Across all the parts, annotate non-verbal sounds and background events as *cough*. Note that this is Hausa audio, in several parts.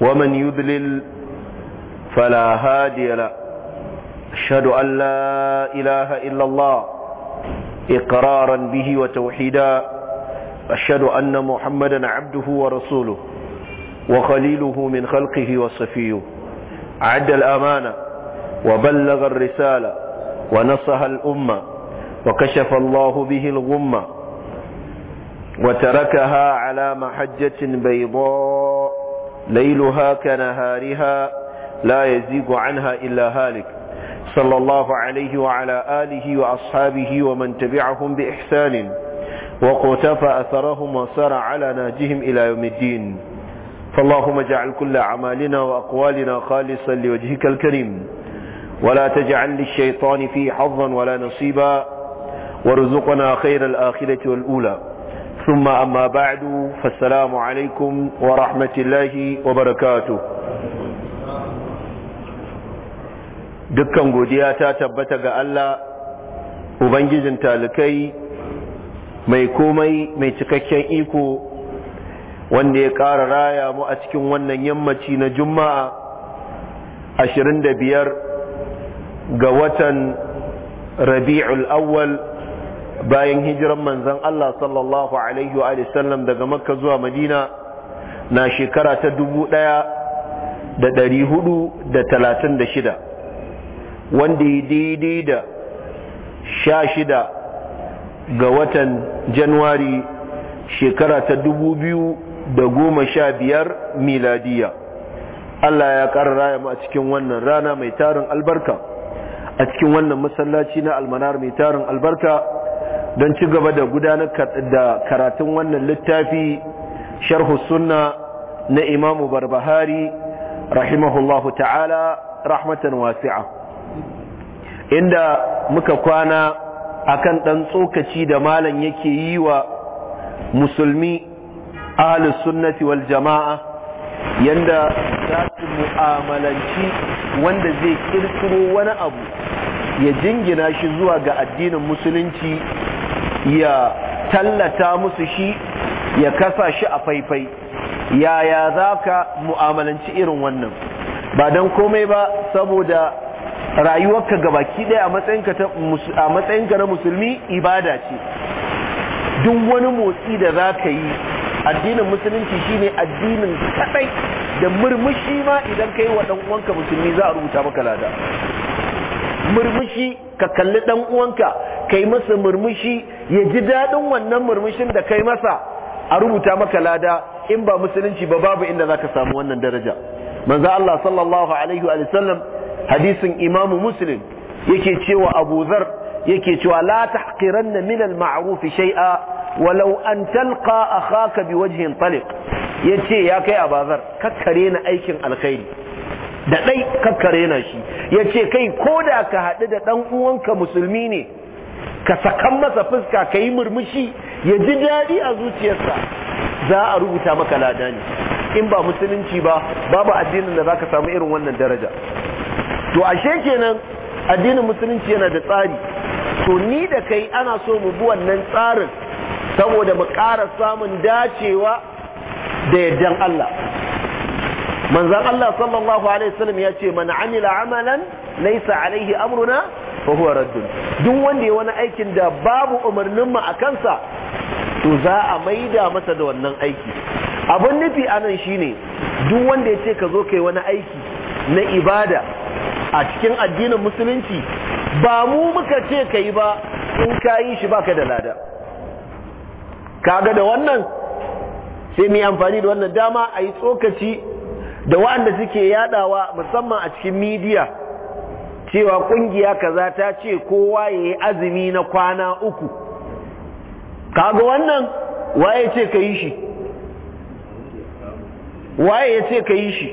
ومن يذلل فلا هادي له أشهد أن لا إله إلا الله إقرارا به وتوحيدا أشهد أن محمدا عبده ورسوله وخليله من خلقه وصفيه عد الأمانة وبلغ الرسالة ونصها الأمة وكشف الله به الغمة وتركها على محجة بيضاء ليلها كنهارها لا يزيغ عنها إلا هالك صلى الله عليه وعلى آله وأصحابه ومن تبعهم بإحسان وقتف أثرهم وسار على ناجهم إلى يوم الدين فاللهم اجعل كل أعمالنا وأقوالنا خالصا لوجهك الكريم ولا تجعل للشيطان فيه حظا ولا نصيبا وارزقنا خير الآخرة والأولى ثم أما بعد فالسلام عليكم ورحمة الله وبركاته dukkan godiya ta tabbata ga Allah Ubangijin talikai mai komai mai cikakken iko wanda ya ƙara raya mu a cikin wannan yammaci na juma'a 25 ga watan rabi'ul awwal bayan hijiran manzan Allah sallallahu alaihi wa sallam daga makka zuwa madina na shekara ta dubu ɗaya da ɗari hudu da talatin da shida wanda ya daidai da sha shida ga watan januwari shekara ta dubu biyu da goma sha biyar miladiya Allah ya ƙara raya mu a cikin wannan rana mai tarin albarka a cikin wannan masallaci na almanar mai tarin albarka don ci gaba da gudanar da karatun wannan littafi sharhu sunna na imamu barbahari rahimahullahu ta'ala rahmatan wasi'a inda muka kwana akan ɗan tsokaci da malam yake yi wa musulmi ahalus sunnati wal jama'a yanda za su mu'amalanci wanda zai kirkiro wani abu ya jingina shi zuwa ga addinin musulunci ya tallata musu shi ya kasa shi a faifai yaya za ka mu'amalanci irin wannan ba don komai ba saboda rayuwarka gabaki ɗaya a matsayinka na musulmi ibada ce duk wani motsi da za ka yi addinin musulunci shine addinin kadai da murmushi ma idan kai wa dan musulmi za a rubuta maka lada murmushi ka kalli dan uwanka kai masa murmushi ya ji daɗin wannan murmushin da kai masa a rubuta maka lada in ba musulunci ba babu inda zaka samu wannan daraja manzo Allah sallallahu alaihi wa sallam hadisin Imam Muslim yake cewa Abu Zar yake cewa la tahqiranna min al-ma'ruf shay'a walau an talqa akhaka biwajhin taliq yace ya kai Abu Zar kakkare na aikin alkhairi da ɗai kakkare na shi ya ce kai ko da ka haɗu da ɗan uwanka musulmi ne ka sakan masa fuska ka yi murmushi ya ji daɗi a zuciyarsa za a rubuta maka lada ne in ba musulunci ba babu addinin da za ka samu irin wannan daraja to ashe kenan addinin musulunci yana da tsari to ni da kai ana so mu bi wannan tsarin saboda mu ƙara samun dacewa da yardan Allah manzan Allah sallallahu alaihi wasallam ya ce mana amila amalan laisa alaihi amruna fa huwa raddun duk wanda ya wani aikin da babu umarnin mu a kansa to za a maida masa da wannan aiki abun nufi anan shine duk wanda ya ce ka zo kai wani aiki na ibada a cikin addinin musulunci ba mu muka ce ka ba in ka yi shi baka da lada kaga da wannan sai mu amfani da wannan dama a yi tsokaci da waɗanda suke yaɗawa musamman a cikin midiya cewa kungiya kaza ta ce kowa ya yi azumi na kwana uku kaga wannan waye ce ka yi shi waye ya ce ka yi shi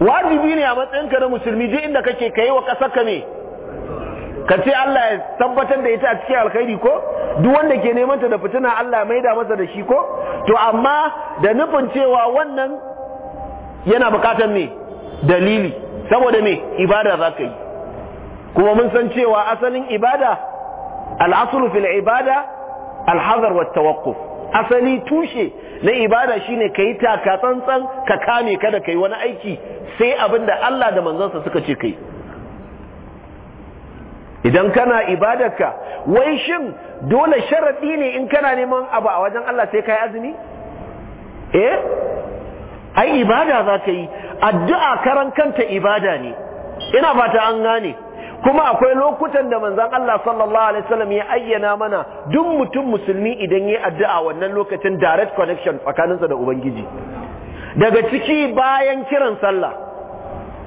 wajibi ne a matsayinka na musulmi je inda kake ka yi wa ƙasar ka me ka ce Allah ya tabbatar da ita a cikin alkhairi ko duk wanda ke neman ta da fitina Allah mai da masa da shi ko to amma da nufin cewa wannan yana bukatar me dalili saboda me ibada za ka yi kuma mun san cewa asalin ibada al'asul fil ibada alhazar wa tawakkuf asali tushe na ibada shine ka yi taka tsantsan ka kame kada ka wani aiki sai abinda Allah da manzansa suka ce ka idan kana ibadarka wai shin dole sharadi ne in kana neman abu a wajen Allah sai kai azumi eh ai ibada za ka yi addu'a karan kanta ibada ne ina fata an gane kuma akwai lokutan da manzon Allah sallallahu Alaihi wasallam ya ayyana mana duk mutum musulmi idan ya addu'a wannan lokacin direct connection tsakaninsa da Ubangiji. Daga ciki bayan kiran sallah,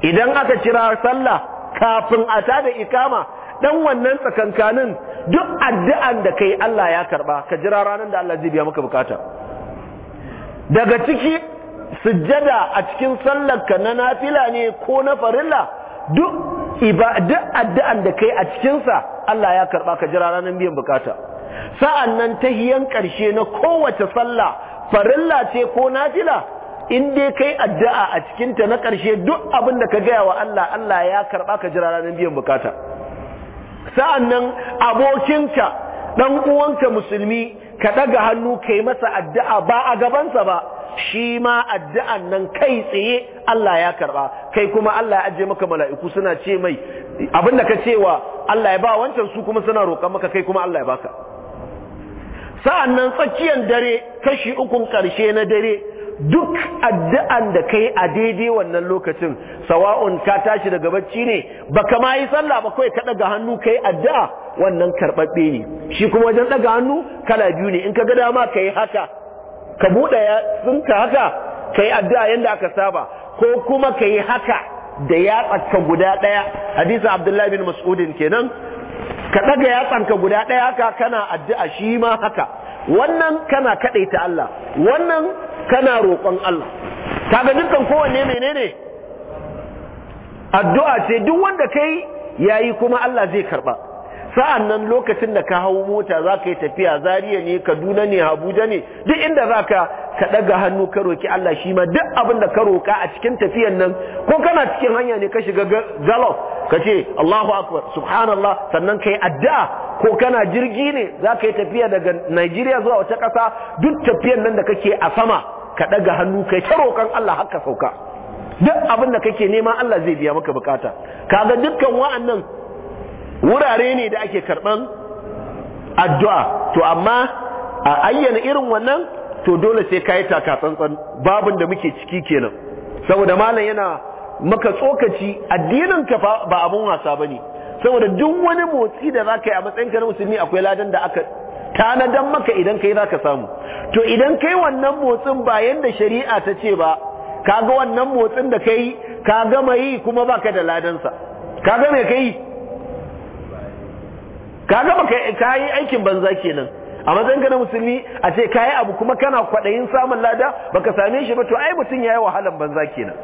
idan aka kira sallah kafin a tada ikama dan wannan tsakankanin duk addu'an da kai Allah ya karba ka jira ranar da Allah zai biya maka bukata daga ciki sujjada a cikin sallarka na nafila ne ko na farilla duk addu'an da kai a cikinsa Allah ya karba ka jira ranar biyan bukata sa'annan tahiyan ƙarshe na kowace sallah farilla ce ko nafila in dai kai addu'a a cikinta na ƙarshe duk abin da ka gaya wa Allah Allah ya karba ka jira ranar biyan bukata sa'annan abokinka ɗan uwanka musulmi ka ɗaga hannu kai masa addu'a ba a gabansa ba shi ma addu'an nan kai tsaye Allah ya karɓa. kai kuma Allah ya ajiye maka mala'iku suna ce mai Abin da ka cewa Allah ya ba wancan su kuma suna roƙon maka kai kuma Allah ya baka sa'annan tsakiyar dare kashi ukun ƙarshe na dare duk addu'an da kai a daidai wannan lokacin sawa'un ka tashi daga bacci ne baka ma yi sallah ba kai ka daga hannu kai addu'a wannan karbabbe ne shi kuma wajen daga hannu kala biyu ne in ka ga dama kai haka ka bude yatsunka haka kai addu'a yanda aka saba ko kuma kai haka da yatsanka guda daya hadisi abdullahi bin mas'udin kenan ka daga yatsanka guda ɗaya haka kana addu'a shi ma haka wannan kana kadaita Allah wannan kana roƙon Allah kaga dukkan kowanne menene addu'a ce duk wanda kai yayi kuma Allah zai karba sa'an nan lokacin da ka hau mota za ka yi tafiya zariya ne kaduna ne abuja ne duk inda za ka ka ɗaga hannu ka roƙi Allah shi ma duk abin da ka roƙa a cikin tafiyan nan ko kana cikin hanya ne ka shiga galof ka ce Allahu akbar subhanallah sannan ka yi addu'a ko kana jirgi ne za ka yi tafiya daga Najeriya zuwa wata ƙasa duk tafiyan nan da kake a sama ka daga hannu kai ta roƙon Allah haka sauka duk abin da kake nema Allah zai biya maka bukata kaga dukkan wa'annan wurare ne da ake karɓan addu'a to amma a ayyana irin wannan to dole sai ka yi tsantsan babin da muke ciki kenan saboda malam yana maka tsokaci addinin ka ba abun wasa ne. saboda duk wani motsi da zaka yi a matsayin ka na musulmi akwai ladan da aka tanadan maka idan kai za ka samu to idan kai wannan motsin ba yanda shari'a ta ce ba kaga wannan motsin da kai ka gama yi kuma baka da ladansa kaga me kai kaga ka kai aikin banza kenan a matsayin ka na musulmi a ce kai abu kuma kana kwaɗayin samun lada baka same shi ba to ai mutum ya yi wahalan banza kenan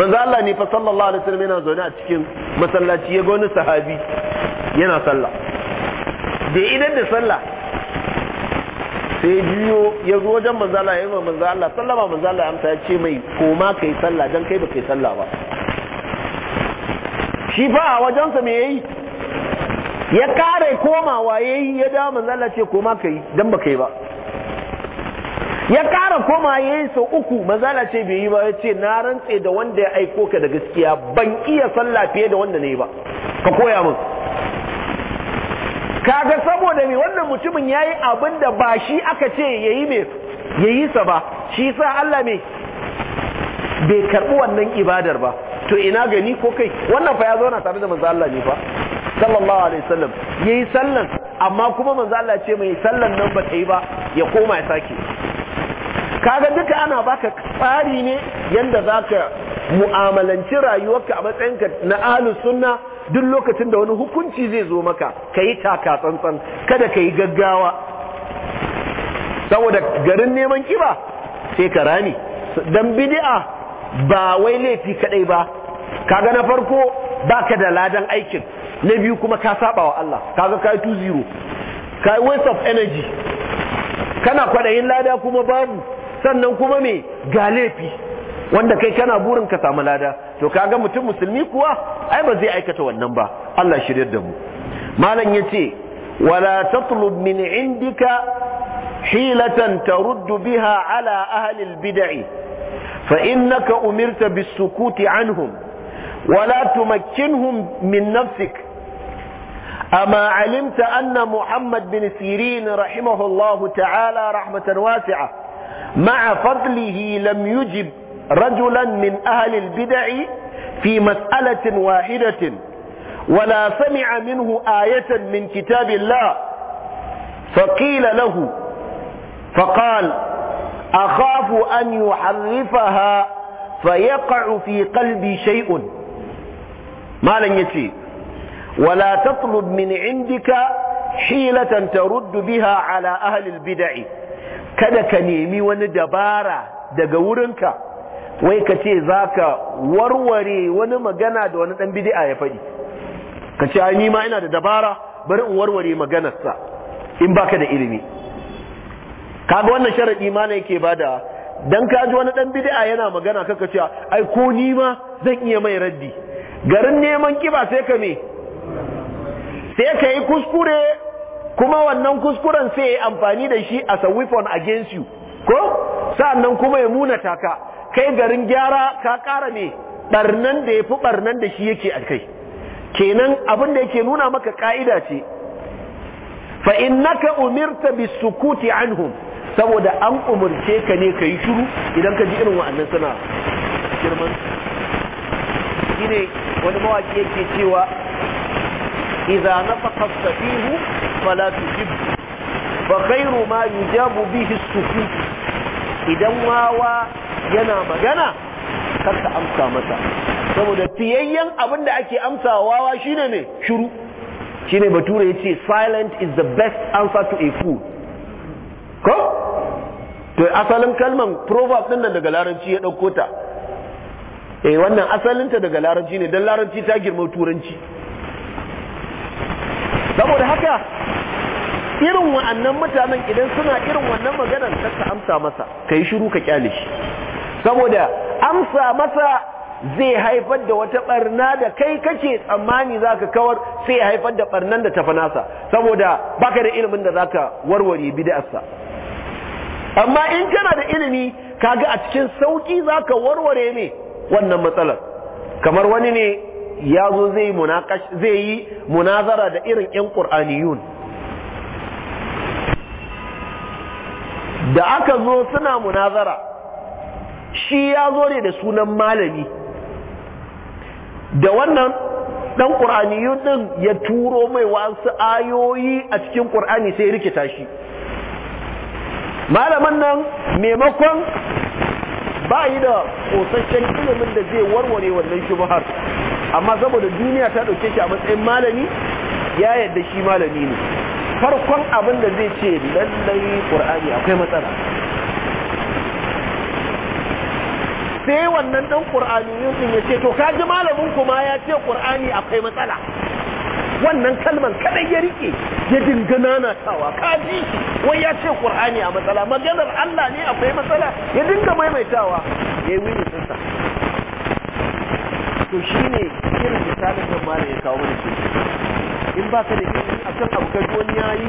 manzo Allah ne fa sallallahu alaihi wasallam yana zaune a cikin masallaci ya ga wani sahabi yana sallah da idan da sallah sai jiyo ya zo wajen manzala ya yi manzo sallah sallama manzo amsa ya ce mai koma ka yi sallah don kai ba yi sallah ba shi fa a wajensa me yi ya kare komawa yi ya dawa manzala ce koma kai don ba kai ba ya kara koma ya yi sau uku manzala ce bai yi ba ya ce na rantse da wanda ya aiko ka da gaskiya ban iya sallah fiye da wanda ne ba ka koya min kaga saboda me wannan mutumin yayi abin da ba shi aka ce yayi me yayi sa ba shi sa Allah me bai karbi wannan ibadar ba to ina gani ko kai wannan fa ya zauna tare da manzo Allah ne fa sallallahu alaihi wasallam yayi sallan amma kuma manzo Allah ce mai sallan nan ba ta yi ba ya koma ya sake kaga duka ana baka tsari ne yanda zaka mu'amalanci rayuwarka a matsayinka na ahlus sunna duk lokacin da wani hukunci zai zo maka ka yi taka tsantsan kada ka yi gaggawa saboda garin neman kiba sai ka rami don bidi'a ba wai laifi kadai ba kaga na farko baka da ladan aikin na biyu kuma ka saba wa Allah kaga kai 2-0 kai waste of energy kana kwadayin lada kuma babu sannan kuma mai ga laifi wanda kai kana burin ka samu lada to kaga mutum musulmi kuwa ai ba zai aikata wannan ba Allah shiryar da mu malam yace wala tatlub min indika hilatan tarudd biha ala ahli albid'i fa innaka umirta bisukuti anhum wala tumakkinhum min nafsik أما علمت أن محمد بن سيرين رحمه الله تعالى رحمة واسعة مع فضله لم يجب رجلا من أهل البدع في مسألة واحدة ولا سمع منه آية من كتاب الله فقيل له فقال أخاف أن يحرفها فيقع في قلبي شيء ما لن يتي ولا تطلب من عندك حيلة ترد بها على أهل البدع kada ka nemi wani wai ka ce za ka warware wani magana da wani ɗan bidi'a ya faɗi ka ce ni ma ina da dabara bari in warware maganarsa in baka da ilimi kaga wannan sharaɗi ma na yake bada dan ka ji wani ɗan bidi'a yana magana kaka ce ai ko ni ma zan iya mai raddi garin neman kiba sai ka me sai ka yi kuskure kuma wannan kuskuren sai ya yi amfani da shi as a weapon against you ko sa'annan kuma ya muna taka kai garin gyara ka kara me ɓarnan da ya fi barnan da shi yake a kai kenan abin da yake nuna maka ka'ida ce fa ka umirta bisukuti anhum saboda an umarce ka ne ka yi shiru idan ka ji irin wa'annan suna girman ne wani mawaƙi yake cewa na nafaqa ihu falatu jibu ba ma jabu bihi sukut idan wawa yana magana karka amsa masa saboda tiyayyen abin da ake amsawa shine ne shiru shine bature yace silent is the best answer to a fool ko to asalin kalman proverb din nan daga larabci ya dauko ta eh wannan asalinta daga larabci ne dan larabci ta girma turanci saboda haka irin wa'annan mutanen idan suna irin wannan maganar kar ka amsa masa kai shiru ka kyale shi saboda amsa masa zai haifar da wata barna da kai kake tsammani zaka kawar sai haifar da barnan da ta fanasa saboda baka da ilimin da zaka warware bid'arsa amma in kana da ilimi kaga a cikin sauki zaka warware ne wannan matsalar kamar wani ne ya zo zai yi munazara da irin yan qur'aniyun da aka zo suna munazara shi ya zo ne da sunan malami da wannan dan qur'aniyun ɗin ya turo mai wasu ayoyi a cikin qur'ani sai rikita shi malaman nan maimakon ba yi da ƙosashen ilimin da zai warware wannan shubhar amma saboda duniya ta ɗauke shi a matsayin malami ya yadda shi malami ne farkon abin da zai ce lallai qur'ani akwai matsala sai wannan dan qur'aniyun din yace to kaji malamin ku ma ya ce qur'ani akwai matsala wannan kalman kadai ya rike ya dingana na tawa kaji wai ya ce qur'ani a matsala maganar Allah ne akwai matsala ya dinga maimaitawa yayi wuri sassa to shine irin misalin da mala ya kawo mana in ba ka da ilimi akan abu kaji wani yayi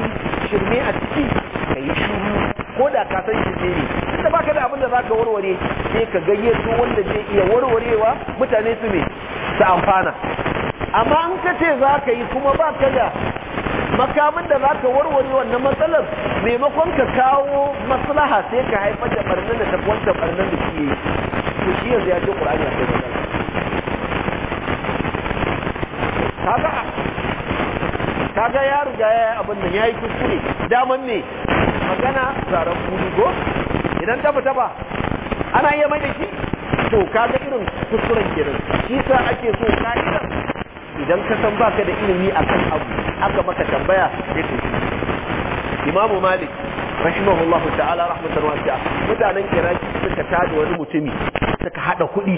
shirme a ciki kai shiru ko da ka san shi ne ne, da baka da abin da zaka warware sai ka gayyato wanda zai iya warwarewa mutane su ne su amfana amma an ka ce zaka yi kuma baka da makamin da zaka warware wannan matsalar maimakon ka kawo maslaha sai ka haifar da barnan da tafi wancan barnan da ke yi to shi yanzu ya ce qur'ani a kai matsala kaga kaga ya riga ya abin nan yayi kuskure daman ne magana zaren go? idan ta fita ana iya mai da shi to ka ga irin kuskuren kenan shi sa ake so ka idan ka san baka da ilimi akan abu aka maka tambaya sai ka imamu malik rahimahullahu ta'ala rahmatan wasi'a mutanen iraki suka tada wani mutumi suka hada kuɗi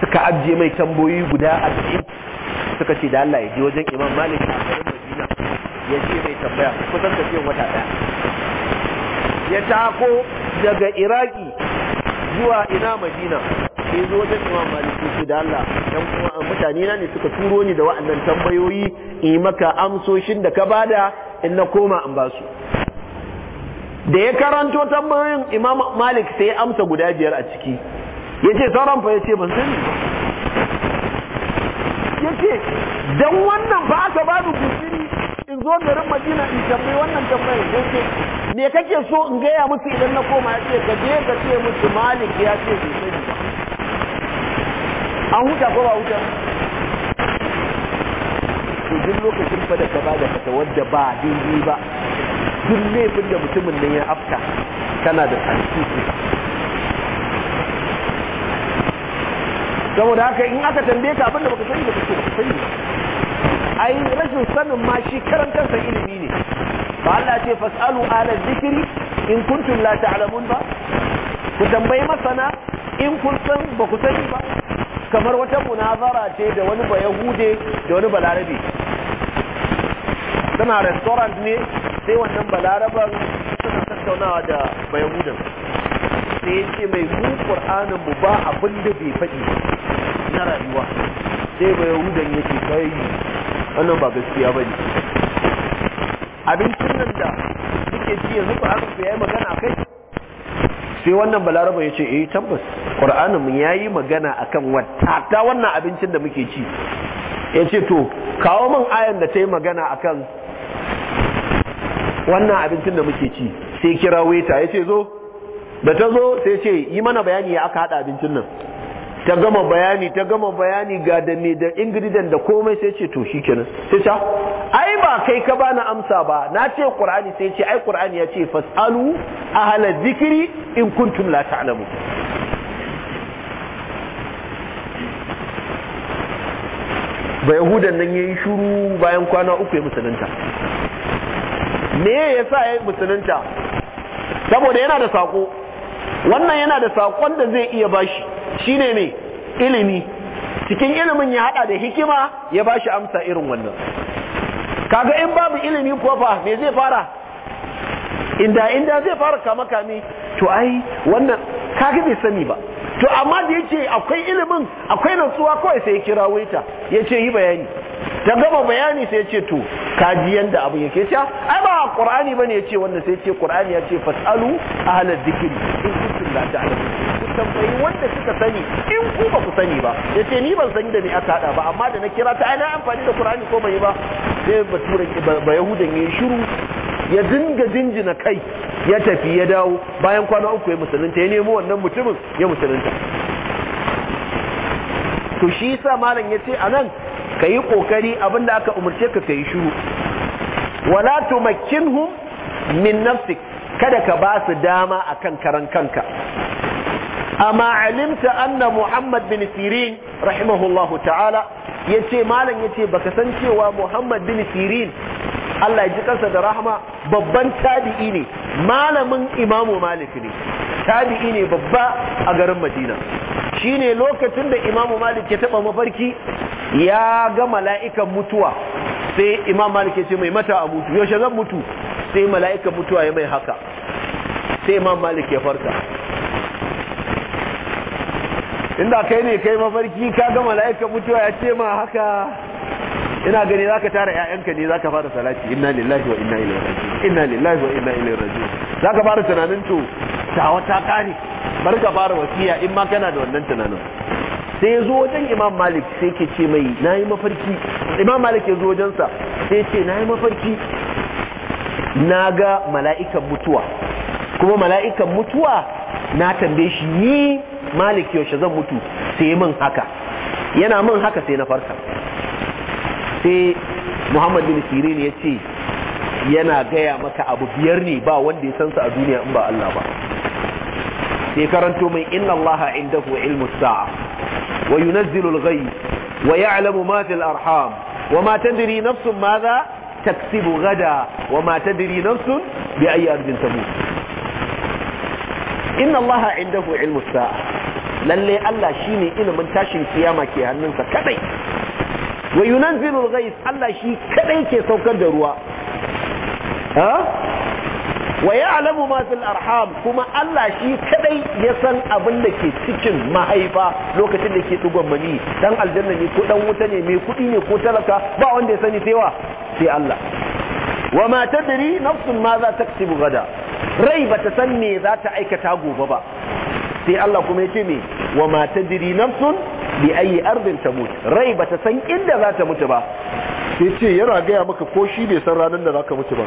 suka ajiye mai tamboyi guda arba'in suka ce da Allah ya ji wajen imam malik a karin madina ya ce mai tambaya kusan tafiyan wata ɗaya. ya tako daga iraki zuwa ina madina sai zo ta imam maliki su da Allah dan kuma mutane na ne suka turo ni da wa'annan tambayoyi in maka amsoshin da ka bada in na koma in basu da ya karanto tambayoyin imam malik sai ya amsa guda biyar a ciki Ya ce sauran fa ya ce ban sani ce dan wannan ba aka bani guziri in zo garin madina in tambayi wannan tambayar me kake so in gaya musu idan na koma ya ce ka je ka ce musu malik ya ce su sai ba an huta ko ba huta to duk lokacin fa da ka ba da fata wadda ba dindi ba duk laifin da mutumin nan ya afka kana da tsarki saboda haka in aka tambaye ka abinda baka sani ba ka ce ba sani ai rashin sanin ma shi karantar sa ilimi ne ba Allah ce fasalu ala zikri in kuntum la ta'lamun ba ku tambayi masana in kun san ba ku sani ba kamar wata munazara ce da wani ba yahude da wani balarabe tana restaurant ne sai wannan balaraban suna tattaunawa da ba yahudan sai ya ce mai ku qur'anin mu ba abin da bai faɗi na rayuwa sai ba yahudan yake kai wannan ba gaskiya bane abincin nan da suke ci yanzu ba aka ya yi magana kai sai wannan balaraba ya ce eh tabbas ƙur'anin mu ya yi magana akan wata ta wannan abincin da muke ci ya ce to kawo min ayan da ta yi magana akan wannan abincin da muke ci sai kira weta ya ce zo da ta zo sai ce yi mana bayani ya aka haɗa abincin nan ta gama bayani ta gama bayani ga da me da ingredient da komai sai ce to shi kenan sai ta ba kai ka bani amsa ba na ce qur'ani sai ce ai qur'ani ya ce fasalu ahla zikiri in kuntum la ta'lamu ba yahudan nan yayi shuru bayan kwana uku ya musulunta me yasa ya musulunta saboda yana da sako wannan yana da sakon da zai iya bashi shine ne ilimi cikin ilimin ya hada da hikima ya bashi amsa irin wannan kaga in babu ilimi kuwa fa me zai fara inda inda zai fara kama kame to ai wannan kaga bai sani ba to amma da yace akwai ilimin akwai nutsuwa kawai sai ya kira waita yace yi bayani ta gama bayani sai yace to kaji yanda abu yake yace ai ba qur'ani bane yace wannan sai yace qur'ani ce fasalu ahlal dhikri in kuntum la ta'lamun tambayi wanda suka sani in ku ba ku sani ba yace ni ban sani da ni aka hada ba amma da na kira ta ai na amfani da qur'ani ko bai ba sai baturan ba yahudan ya shiru ya dinga jinjina kai ya tafi ya dawo bayan kwana uku ya musulunta ya nemo wannan mutumin ya musulunta to shi sa malam yace anan kayi kokari abinda aka umarce ka kai shiru wala tumakkinhum min nafsik kada ka ba su dama akan karan kanka amma alimta anna muhammad bin sirin rahimahullahu ta'ala ya ce malam ya ce baka san cewa muhammad bin sirin Allah ya ji kansa da rahama babban tabi'i ne malamin imamu malik ne tabi'i ne babba a garin madina shine lokacin da imamu malik ya taba mafarki ya ga mala'ikan mutuwa sai imam malik ce mai mata a mutu yaushe zan mutu sai mala'ikan mutuwa ya mai haka sai imam malik ya farka inda kai ne kai mafarki ka ga mala'ikan mutuwa ya ce ma haka ina gani zaka tara ƴaƴanka ne zaka fara salati inna lillahi wa inna ilaihi raji'un inna lillahi wa inna ilaihi raji'un zaka fara tunanin to tawa ta kare bar ka fara wasiya in ma kana da wannan tunanin sai ya zo wajen imam malik sai ke ce mai na yi mafarki imam malik ya zo wajensa sai ce na yi mafarki na ga mala'ikan mutuwa kuma mala'ikan mutuwa na tambaye shi ni malik yaushe zan mutu sai min haka yana min haka sai na farka sai muhammad bin sirin ya ce yana gaya maka abu biyar ne ba wanda ya san su a duniya in ba Allah ba sai karanto mai inna Allah indahu ilmus sa'a wa yunazzilu al-ghayb wa ya'lamu ma fil arham wa ma tadri nafsun madha taksibu gada wa ma tadri nafsun bi ayyi ardin tamut inna Allah indahu ilmus sa'a lalle Allah ne ilimin tashin kiyama ke hannunsa kadai wa yunzilul ghais Allah shi kadai ke saukar da ruwa ha wa ya'lamu ma fil arham kuma Allah shi kadai ya san abin da ke cikin mahaifa lokacin da ke tugon mani dan aljanna ne ko dan wuta ne mai kudi ne ko talaka ba wanda ya sani sai sai Allah wa ma tadri nafsun ma za taktibu gada rai bata san me za ta aikata gobe ba sai Allah kuma ya ce me wa ma tadri nafsun bi ayi ardin tamut rai bata san inda za ta mutu ba sai ce yana gaya maka ko shi bai san ranar da za ka mutu ba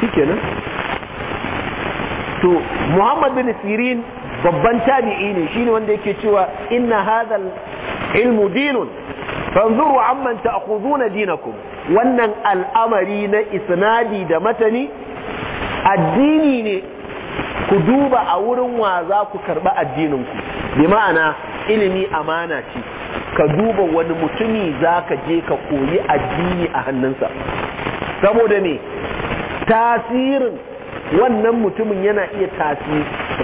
shikenan to Muhammad bin Sirin babban tabi'i ne shine wanda yake cewa inna hadal ilmu dinun fanzuru amman ta'khuduna dinakum wannan al'amari na isnadi da matani addini ne ku duba a wurin wa za ku karɓi addininku bi ma'ana ilimi amana ce ka duba wani mutumi za ka je ka koyi addini a hannunsa saboda ne tasirin wannan mutumin yana iya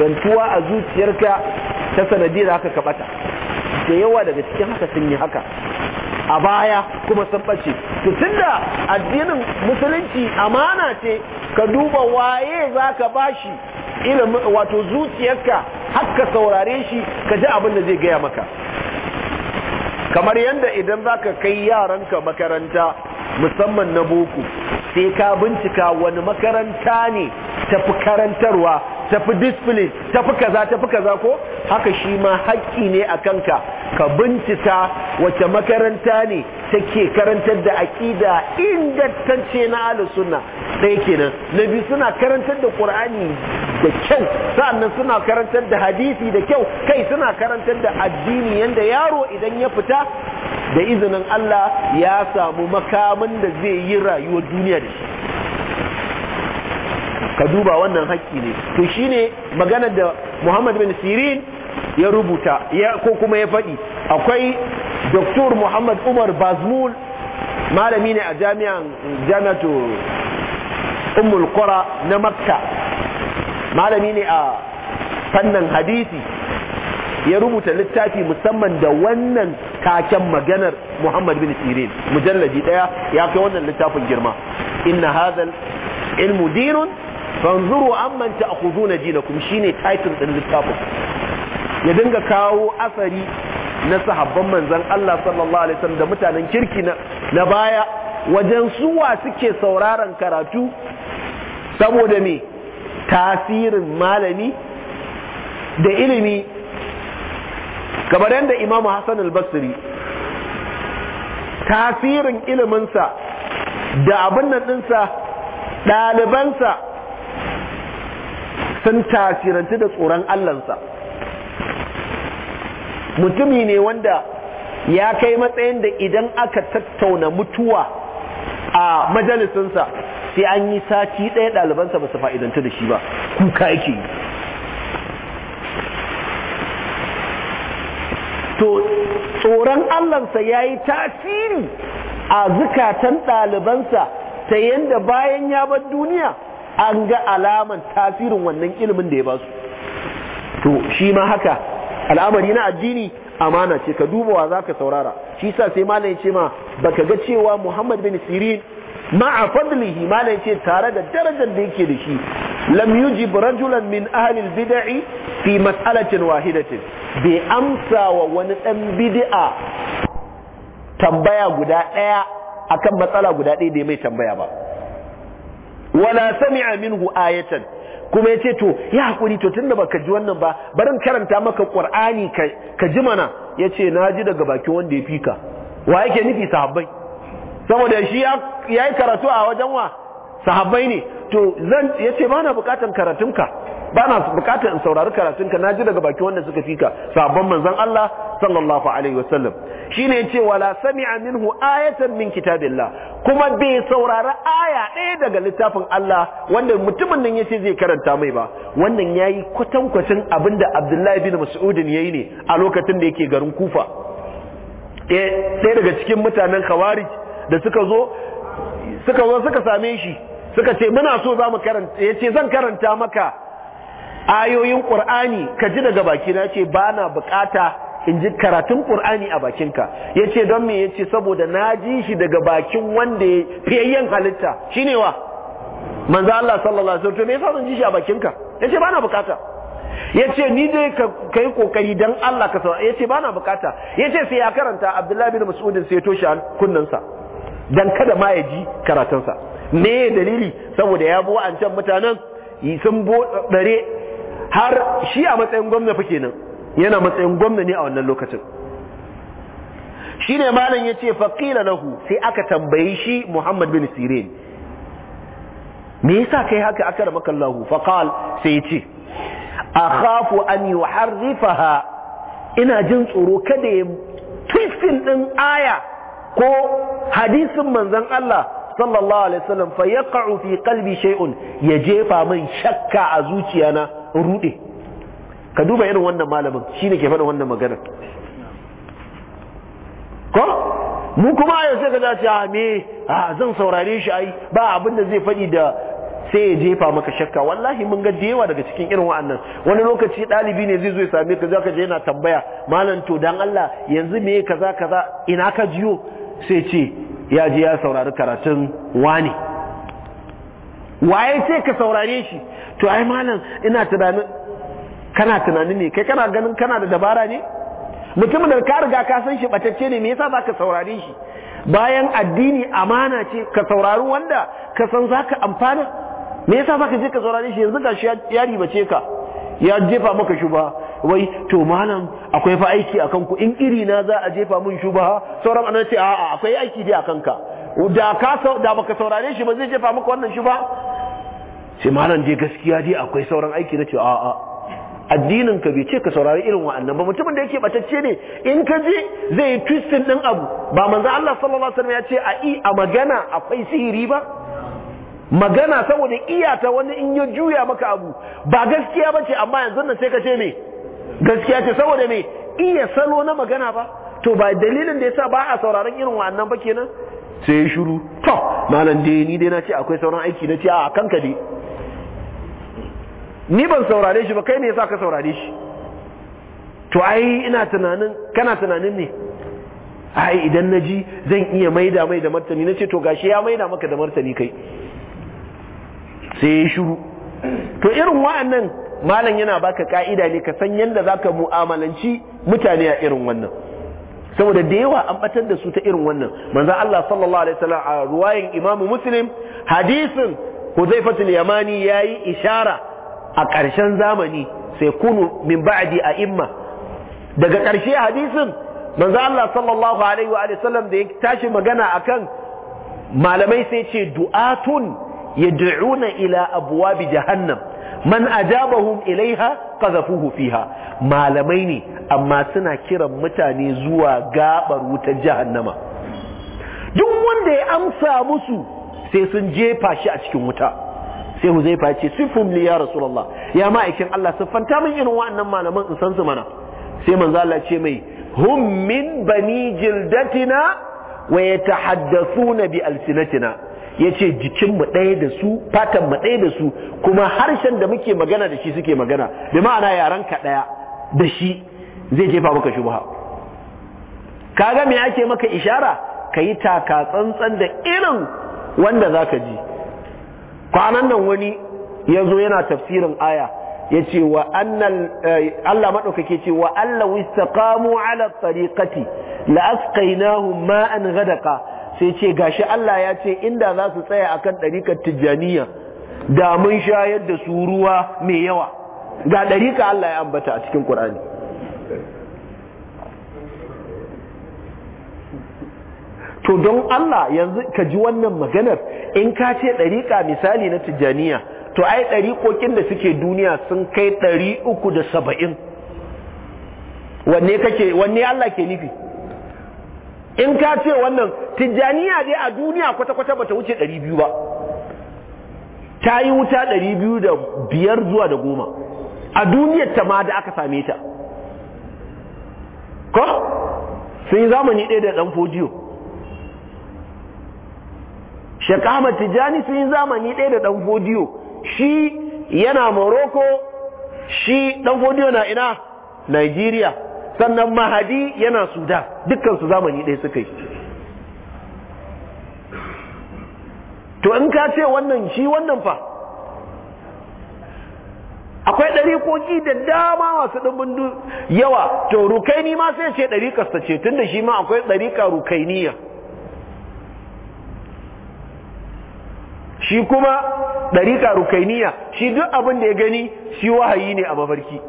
rantuwa a zuciyarka ta sanadiyar haka ka bata da yawa daga cikin haka sun yi haka a baya kuma sun ɓace to tunda addinin musulunci amana ce ka duba waye za ka ba shi wato zuciyarka haka saurare shi ka ji abin da zai gaya maka kamar yadda idan za ka kai yaranka makaranta musamman na boko sai ka bincika wani makaranta ne tafi karantarwa tafi discipline tafi kaza tafi kaza ko haka shi ma haƙƙi ne a kanka ka bincika wace makaranta ne take karantar da aƙida ingantacce na ahlus ɗaya kenan na biyu suna karantar da ƙur'ani da kyau sa'annan suna karantar da hadisi da kyau kai suna karantar da addini yanda yaro idan ya fita da izinin Allah ya samu makamin da zai yi rayuwar duniya da shi ka duba wannan haƙƙi ne to shine maganar da Muhammad bin Sirin ya rubuta ya ko kuma ya faɗi akwai doktor Muhammad Umar Bazmul malami ne a jami'an jami'atu ummul na makka malami ne a fannin hadisi ya rubuta littafi musamman da wannan kaken maganar Muhammad bin Sirin mujalladi daya ya kai wannan littafin girma inna hadhal ilmu dinun fanzuru amman ta'khuduna shi shine title din littafin ya dinga kawo asari na sahabban manzon Allah sallallahu alaihi wasallam da mutanen kirki na baya wajen suwa suke sauraron karatu saboda mai tasirin malami da ilimi kamar yadda imamu hassan al-basri tasirin iliminsa da abin nan ɗinsa ɗalibansa sun tasirantu da tsoron allansa mutumi ne wanda ya kai matsayin da idan aka tattauna mutuwa a majalisinsa sai an yi sati ɗaya ɗalibansa ba su fa'idanta da shi ba kuka yake yi to tsoron allansa ya yi tasiri a zukatan ɗalibansa ta yadda bayan ya bar duniya an ga alaman tasirin wannan ilimin da ya ba su to shi ma haka al'amari na addini amana ce ka duba wa zaka saurara shi sa sai malam ce ma baka ga cewa Muhammad bin Sirin ma'a fadlihi malam ce tare da darajar da yake da shi lam yujib rajulan min ahli bid'i fi mas'alatin wahidatin bai amsa wa wani dan bid'a tambaya guda daya akan matsala guda ɗaya da mai tambaya ba wala sami'a minhu ayatan kuma ya ce to ya hakuri to tunda baka ji wannan ba barin karanta maka qur'ani ka ji mana ya ce na ji daga bakin wanda ya fika wa yake nufi sahabbai saboda shi ya yi karatu a wajen wa sahabbai ne to zan ya ce ba na bukatan karatunka ba na bukatar in saurari karatunka na ji daga bakin wanda suka fika sahabban manzon Allah sallallahu alaihi wasallam shine cewa wala sami'a minhu ayatan min kitabillah kuma bai saurara aya ɗaya daga littafin Allah wanda mutumin nan yace zai karanta mai ba wannan yayi kwatankwacin abinda Abdullahi bin Mas'udin yayi ne a lokacin da yake garin Kufa eh, ɗaya daga cikin mutanen Khawarij da suka zo suka zo suka same shi suka ce muna so za mu karanta yace zan karanta maka ayoyin ƙur'ani kaji daga baki na ce ba na bukata in ji karatun ƙur'ani a bakinka ya ce don me ya ce saboda na ji shi daga bakin wanda ya fiyayyen halitta shi ne wa manzan Allah sallallahu alaihi wasallam to me yasa zan ji shi a bakinka ya ce ba na bukata ya ce ni dai ka yi kokari don Allah ka sauwa ya ce ba na bukata ya ce sai ya karanta Abdullahi bin Mas'udin sai ya toshe kunnensa Don kada ma ya ji karatunsa me dalili saboda ya bi wa'ancan mutanen sun bo ɗare har shi a matsayin gwamna fa kenan yana matsayin gwamna ne a wannan lokacin shi ne malam ya ce faƙila lahu sai aka tambayi shi muhammad bin sirin me yasa kai haka aka da makallahu faƙal sai ya ce a khafu an yi harrifaha ina jin tsoro kada ya tufin ɗin aya ko hadisin manzan Allah sallallahu alaihi wasallam fa yaqa'u fi qalbi shay'un ya jefa min shakka a zuciya zuciyana rude ka duba irin wannan malamin shi ne ke faɗin wannan magana ko mu kuma a sai ka za ce a me a zan saurare shi ai ba abin da zai faɗi da sai ya jefa maka shakka wallahi mun ga yawa daga cikin irin wa'annan wani lokaci ɗalibi ne zai zo ya same ka zaka je yana tambaya malam to dan Allah yanzu me kaza kaza ina ka jiyo sai ce ya je ya saurari karatun wani waye sai ka saurare shi to ai malam ina tunanin kana tunani ne kai kana ganin kana da dabara ne mutumin da ka riga ka san shi batacce ne me yasa ka saurare shi bayan addini amana ce ka saurari wanda ka san zaka amfana me yasa ka je ka saurare shi yanzu shi ya ribace ka ya jefa maka shuba wai to malam akwai fa aiki akan ku in iri na za a jefa mun shuba sauran anan ce a'a akwai aiki dai akan ka da ka da baka saurare shi ba zai jefa maka wannan shuba sai malam je gaskiya dai akwai sauran aiki nace a'a addinin ka bai ce ka saurari irin wa'annan ba mutumin da yake batacce ne in ka je zai yi twistin din abu ba manzo Allah sallallahu alaihi wasallam ya ce a i a magana akwai sihiri ba magana saboda iya ta wani in ya juya maka abu ba gaskiya ba ce amma yanzu nan sai ka ce me gaskiya ce saboda me iya salo na magana ba to ba dalilin da yasa ba a sauraron irin wa'annan ba kenan sai ya shiru to malam dai ni dai na ce akwai sauran aiki na ce a kanka dai ni ban saurare shi ba kai me yasa ka saurare shi to ai ina tunanin kana tunanin ne ai idan na ji zan iya maida mai da martani na ce to gashi ya maida maka da martani kai sai ya shuru to irin wa'annan malam yana baka ka'ida ne ka san yadda za ka mu'amalanci mutane a irin wannan saboda da yawa an batar da su ta irin wannan manzan Allah sallallahu alaihi wasallam a ruwayin imamu muslim hadisin huzaifatul yamani ya yi ishara a ƙarshen zamani sai kunu min ba'di a imma daga ƙarshe hadisin manzo Allah sallallahu alaihi wa sallam da ya tashi magana akan malamai sai ce du'atun yad'una ila abwabi jahannam man ajabahum ilaiha qazafuhu fiha malamai ne amma suna kiran mutane zuwa gabar wutar jahannama duk wanda ya amsa musu sai sun jefa shi a cikin wuta sai huzaifa ce sifum li ya rasulullah ya ma'aikin Allah siffanta min irin wa'annan malaman in san su mana sai manzo Allah ce mai hum min bani jildatina wa yatahaddathuna bi alsinatina yace jikin mu ɗaya da su fatan mu ɗaya da su kuma harshen da muke magana da shi suke magana bi ma'ana yaran ka ɗaya da shi zai jefa maka shubha kaga me ake maka ishara kayi taka tsantsan da irin wanda zaka ji kwanan nan wani ya zo yana tafsirin aya ya ce wa annan eh, Allah maɗaukake ce wa Allah wistaqamu ala tariqati la ma'an ghadaqa sai ce gashi Allah ya ce inda za su tsaya akan ɗarikar tijjaniya da mun shayar da su ruwa mai yawa ga ɗarika Allah ya ambata a cikin Ƙur'ani. to don Allah yanzu ka ji wannan maganar in ka ce ɗariƙa misali na tijjaniya to ai ɗariƙoƙin da suke duniya sun kai ɗari uku da saba'in wanne Allah ke nufi in ka ce wannan tijjaniya dai a duniya kwata-kwata bata wuce ɗari biyu ba ta yi wuta ɗari biyu da biyar zuwa da goma a duniyar ta ma da aka same ta ko sun yi zamani ɗaya da ɗan fojiyo Sheikh Tijani sun yi zamani ɗaya da ɗan fodiyo shi yana Morocco shi ɗan fodiyo na ina Nigeria sannan Mahadi yana Sudan dukkan su zamani ɗaya suka yi to in ka ce wannan shi wannan fa akwai ɗari koki da dama masu ɗumbin yawa to rukaini ma sai ce kasta ce tun da shi ma akwai ɗarika rukainiya shi kuma ɗariƙa rukainiya shi duk abin da ya gani shi wahayi ne a mafarki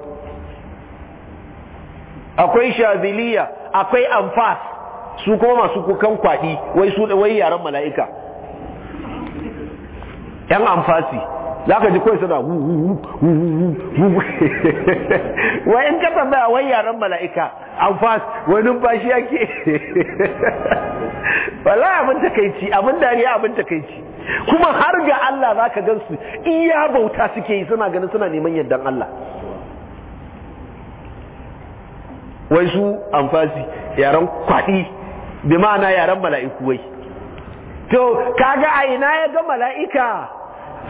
akwai shaziliya akwai amfas su kuma masu kukan kwaɗi wai su wai yaren mala'ika yan amfasi za ka ji kawai suna *laughs* wai in a wai yaren mala'ika amfas wai numfashi yake *laughs* wala abin takaici abin dariya abin takaici kuma har ga Allah za ka gansu iya bauta suke yi suna ganin suna neman yardan Allah wai su amfasi yaren kwaɗi bi ma'ana yaren mala'iku wai to kaga a ina ya ga mala'ika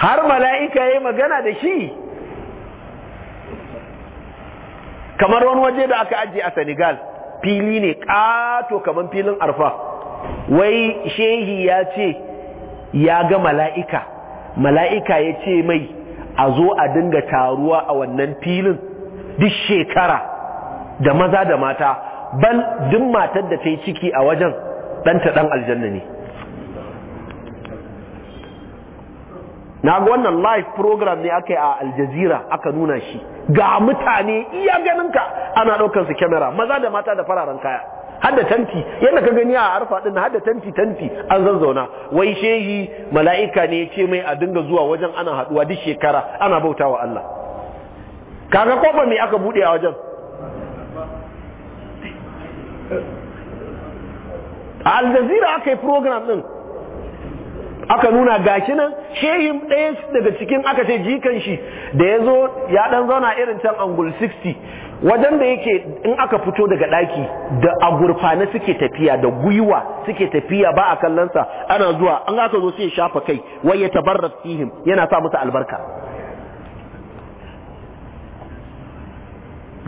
har mala'ika ya yi magana da shi kamar wani waje da aka ajiye a senegal fili ne ƙato kamar filin arfa wai shehi ya ce ya ga mala'ika mala'ika ya ce mai a zo a dinga taruwa a wannan filin duk shekara da maza da mata ban duk matar da ta yi ciki a wajen ɗanta ɗan aljanna ne na ga wannan live program ne aka yi a aljazira aka nuna shi ga mutane iya ganinka ana ɗaukansu kyamara maza da mata da fararen kaya Hadda tanti yadda ka gani a arfa din hada tanti tanti an zazzauna wai shehi mala'ika ne ya ce mai a dinga zuwa wajen ana haduwa duk shekara ana bautawa Allah kaga kofa me aka bude a wajen a aljazira aka yi program din aka nuna gashi nan shehin ɗaya daga cikin aka ce jikan shi da ya zo ya ɗan zauna irin can angul 60 wajen da yake in aka fito daga daki da agurfane suke tafiya da gwiwa suke tafiya ba a kallonsa ana zuwa an aka zo sai shafa kai wai ya tabarrat fihim yana sa musu albarka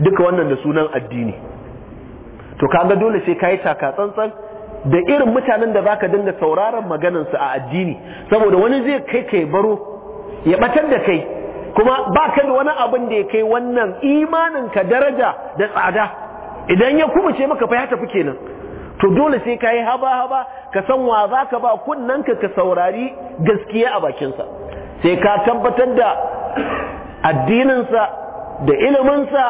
duka wannan da sunan addini to kaga dole sai kayi taka tsantsan da irin mutanen da zaka dinga sauraron maganarsu a addini saboda wani zai kai kai baro ya batar da kai kuma ba ka da wani abin da ya kai wannan imanin ka daraja da tsada idan ya kubuce maka fa ya tafi kenan to dole sai ka yi haba haba ka san wa za ka ba kunnanka ka saurari gaskiya a bakinsa sai ka tabbatar da addininsa da iliminsa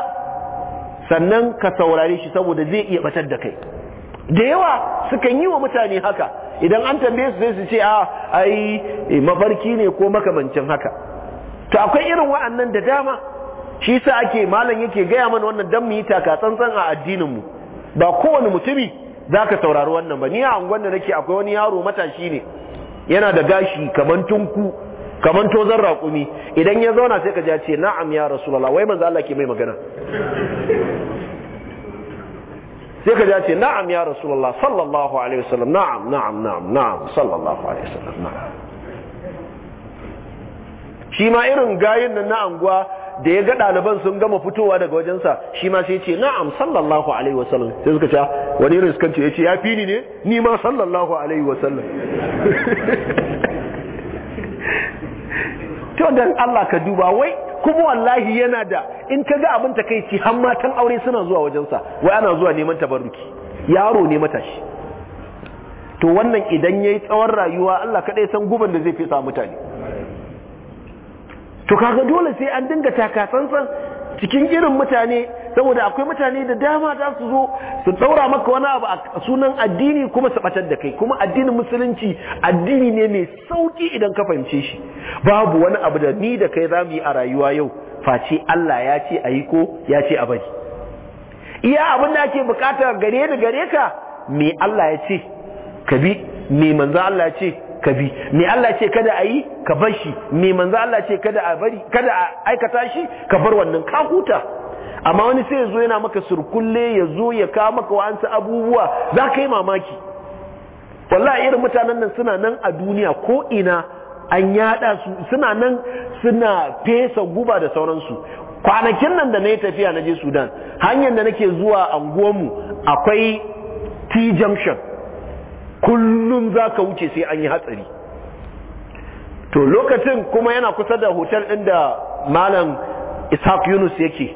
sannan ka saurari shi saboda zai iya batar da kai da yawa sukan yi wa mutane haka idan an tambaye su sai su ce a ah, ai mafarki ne ko makamancin haka to akwai irin wa'annan da dama shi sa ake malam yake gaya mana wannan dan mu yi taka tsantsan a addinin mu ba kowane mutumi zaka saurari wannan ba ni a angon da nake akwai wani yaro matashi ne yana da gashi kaman tunku kaman tozan raƙumi idan ya zauna sai ka ji ce na'am ya rasulullah wai manzo Allah ke mai magana sai ka ji ce na'am ya rasulullah sallallahu alaihi wasallam na'am na'am na'am na'am sallallahu alaihi wasallam na'am shi ma irin gayin nan na anguwa da ya ga ɗaliban sun gama fitowa daga wajensa shi ma sai ce na'am sallallahu alaihi wasallam sai suka ce wani irin suka ce ya ce ya fi ni ne ni ma sallallahu alaihi wasallam *laughs* to dan Allah ka duba wai kuma wallahi yana da in ka ga abin takeici har matan aure suna zuwa wajensa wai ana zuwa neman tabarruki yaro ne matashi to wannan idan yayi tsawon rayuwa Allah kadai san guban da zai fi sa mutane to kaga dole sai an dinga takatsantsan cikin irin mutane saboda akwai mutane da dama za su zo su daura maka wani abu a sunan addini kuma su batar da kai kuma addinin musulunci addini ne mai sauki idan ka fahimce shi babu wani abu da ni da kai za mu yi a rayuwa yau face Allah ya ce a yi ko ya ce a bari iya abin da ake bukata gare da gare ka me Allah ya ce ka bi me manzo Allah ya ce ka bi me Allah ce kada a yi ka bar shi me manzo Allah ce kada a bari kada a aikata shi ka bar wannan ka huta amma wani sai ya zo yana maka surkulle ya zo ya ka maka wa'ansu abubuwa za ka yi mamaki wallahi irin mutanen nan suna nan a duniya ko ina an yada su suna nan suna fesa guba da sauransu kwanakin nan da na yi tafiya na je sudan hanyar da nake zuwa anguwanmu akwai t junction kullum za ka wuce sai an yi hatsari to lokacin kuma yana kusa da hotel ɗin da malam ishaq yunus yake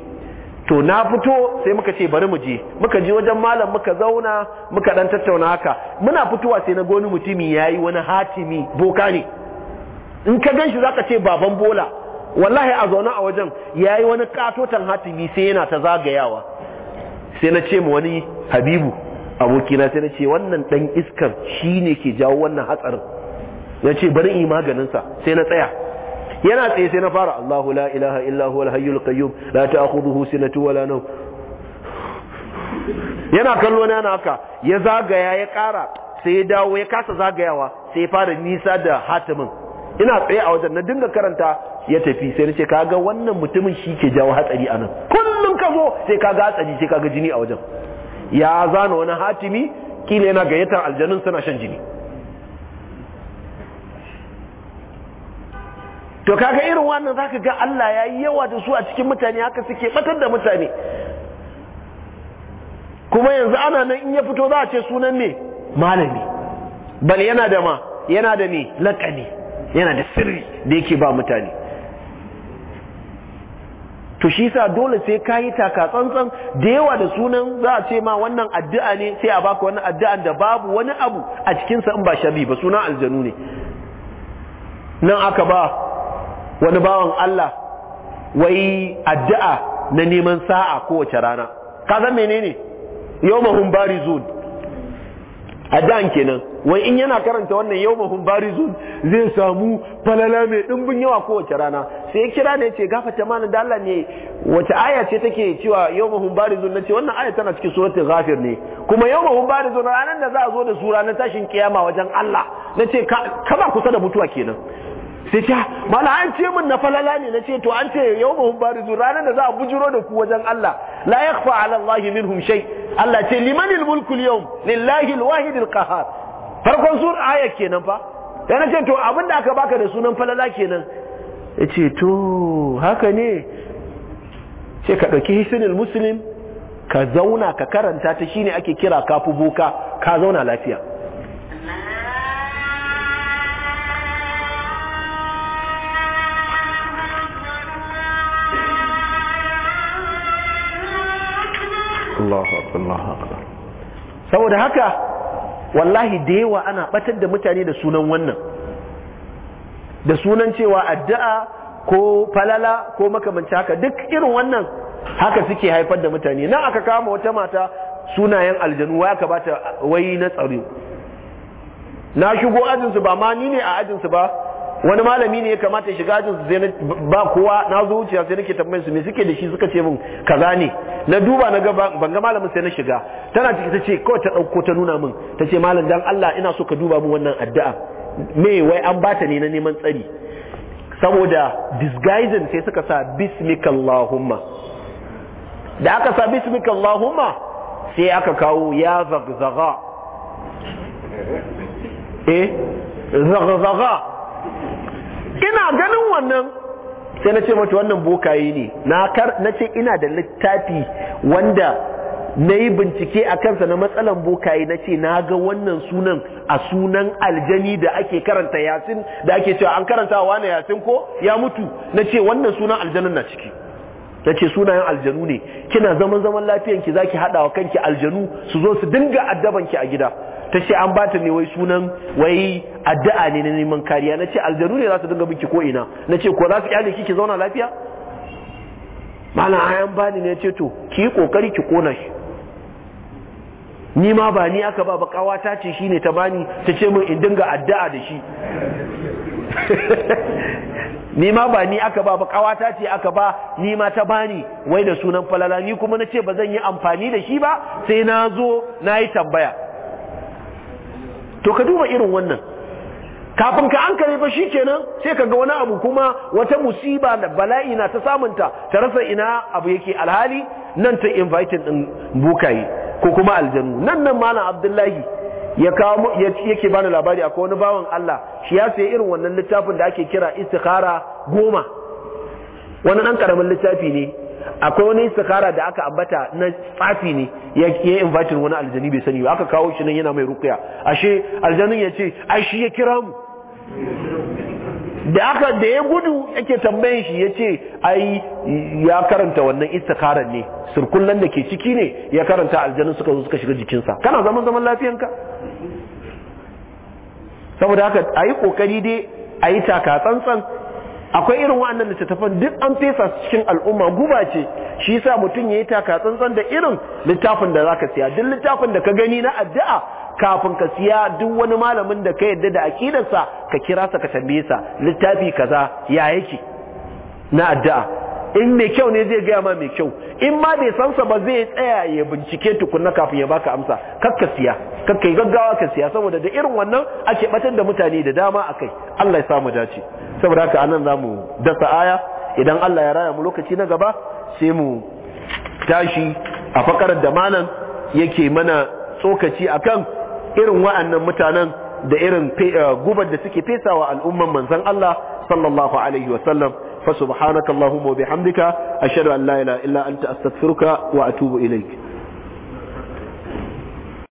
to na fito sai muka ce bari mu je muka je wajen malam muka zauna muka ɗan tattauna haka muna fitowa sai na goni mutumi yayi wani hatimi boka ne in ka ganshi ka ce baban bola wallahi a zaune a wajen yayi wani katotan hatimi sai yana ta zagayawa sai na ce mu wani habibu abokina sai na ce wannan dan iskar shi ne ke jawo wannan hatsarin ya ce bari yi maganinsa sai na tsaya yana tsaye sai na fara Allahu la ilaha illa huwa qayyum la ta'khudhuhu na wala nawm yana kallo na yana haka ya zagaya ya kara sai ya dawo ya kasa zagayawa sai ya fara nisa da hatimin ina tsaye a wajen na dinga karanta ya tafi sai na ce kaga wannan mutumin shi ke jawo hatsari anan kullum ka zo sai ga hatsari sai ga jini a wajen ya zana wani hatimi kila yana gayyatar aljanun suna shan jini to kaga irin wannan zaka ga Allah ya yi yawa da su a cikin mutane haka suke batar da mutane kuma yanzu ana nan in ya fito za a ce sunan ne malami bal yana da ma yana da ne laƙani yana da sirri da yake ba mutane to shi sa dole sai ka yi taka tsantsan da yawa da sunan za a ce ma wannan addu'a ne sai a baka wannan addu'an da babu wani abu a cikinsa in ba sharri ba sunan aljanu ne nan aka ba wani bawan Allah wai addu'a na neman sa'a kowace rana ka san menene yau mahun barizun a dan kenan wai in yana karanta wannan yau mahun barizun zai samu falala mai ɗumbin yawa kowace rana sai ya kira ne ce ta mana dala ne wace aya ce take cewa yau mahun barizun na ce wannan aya tana cikin suratul ghafir ne kuma yau mahun barizun ranar da za a zo da sura na tashin kiyama wajen Allah na ce ka kusa da mutuwa kenan sai ta, mala an ce min na falala ne na ce to an ce yau mahun barizu ranar da za a bujiro da ku wajen Allah la ya kfa ala Allahi minhum shay Allah ce limanil mulkul yau lillahi alwahidil qahar farkon sur aya kenan fa yana ce to abin da aka baka da sunan falala kenan ya ce to haka ne ce ka ɗauki hisinil muslim ka zauna ka karanta ta shine ake kira kafu boka ka zauna lafiya Allahu akbar saboda haka wallahi da yawa ana batar da mutane da sunan wannan da sunan cewa addu'a ko falala ko makamanci haka duk irin wannan haka suke haifar da mutane nan aka kama wata mata sunayen aljanu waya ka bata wai na tsaro na shigo ajinsu ba ma ni ne a ajinsu ba wani malami ne ya kamata shiga ajin su sai ba kowa na zo wuciya sai nake tambayar su me suke da shi suka ce min kaza ne na duba na ga ban ga malamin sai na shiga tana ciki ta ce kawai ta dauko ta nuna min ta ce malam dan Allah ina so ka duba mu wannan addu'a me wai an bata ne na neman tsari saboda disguising sai suka sa bismikallahumma da aka sa bismikallahumma sai aka kawo ya zagzaga eh zagzaga ina ganin wannan sai na ce mata wannan bokaye ne na ce ina da littafi wanda na yi bincike a kansa na matsalan bokaye na ce na ga wannan sunan a sunan aljani da ake karanta yasin da ake cewa an karanta wa na yasin ko ya mutu na ce wannan sunan aljanun na ciki na ce sunayen aljanu ne kina zaman zaman lafiyanki zaki haɗa wa kanki aljanu su zo su dinga addabanki a gida ta ce an bata ne wai sunan wai addu'a ne na neman kariya na ce aljanu ne za su dinga miki ko ina na ce ko za su iya ki ki zauna lafiya malam ayan bani ne ce to ki yi kokari ki kona shi ni ma ba ni aka ba ba ta ce shi ne ta bani ta ce min in dinga addu'a da shi *laughs* ni ma ba ni aka ba ba ta ce aka ba ni ma ta bani wai da sunan falala ni kuma na ce ba zan yi amfani da shi ba sai na zo na yi tambaya to ka duba irin wannan kafin ka an kare fa kenan sai ka ga wani abu kuma wata musiba da bala'i na ta samunta ta rasa ina abu yake alhali nan ta inviting din bukaye ko kuma aljannu nan nan malam abdullahi ya kawo yake bani labari akwai wani bawan Allah shi ya sayi irin wannan littafin da ake kira istikhara goma wani dan karamin littafi ne akwai wani istikhara da aka ambata na tsafi ne ya yi invitin wani aljani bai sani ba aka kawo shi nan yana mai rukuya ashe aljanin ya ce ai shi ya kira mu da aka da ya gudu yake tambayin shi ya ce ai ya karanta wannan istikharar ne surkullan da ke ciki ne ya karanta aljanin suka zo suka shiga jikinsa kana zaman zaman lafiyanka saboda haka ayi kokari dai ayi yi taka tsantsan akwai irin wa'annan littattafan duk an fesa su cikin al'umma guba ce shi yasa mutum ya yi taka tsantsan da irin littafin da zaka siya duk littafin da ka gani na addu'a kafin ka siya duk wani malamin da ka yadda da akidarsa ka kira sa ka tambaye sa littafi kaza ya yake na addu'a in mai kyau ne zai gaya ma mai kyau in ma bai sansa ba zai tsaya ya bincike tukunna kafin ya baka amsa kakka siya kakka gaggawa ka siya saboda da irin wannan ake batar da mutane da dama akai Allah ya samu dace saboda haka anan zamu dasa aya idan Allah ya raya mu lokaci na gaba sai mu tashi a fakarar da malam yake mana tsokaci akan irin wa'annan mutanen da irin eh, gubar da suke fesawa al'umman manzon Allah sallallahu alaihi wasallam fa subhanakallahumma wa bihamdika ashhadu an la ilaha illa anta astaghfiruka wa atubu ilai.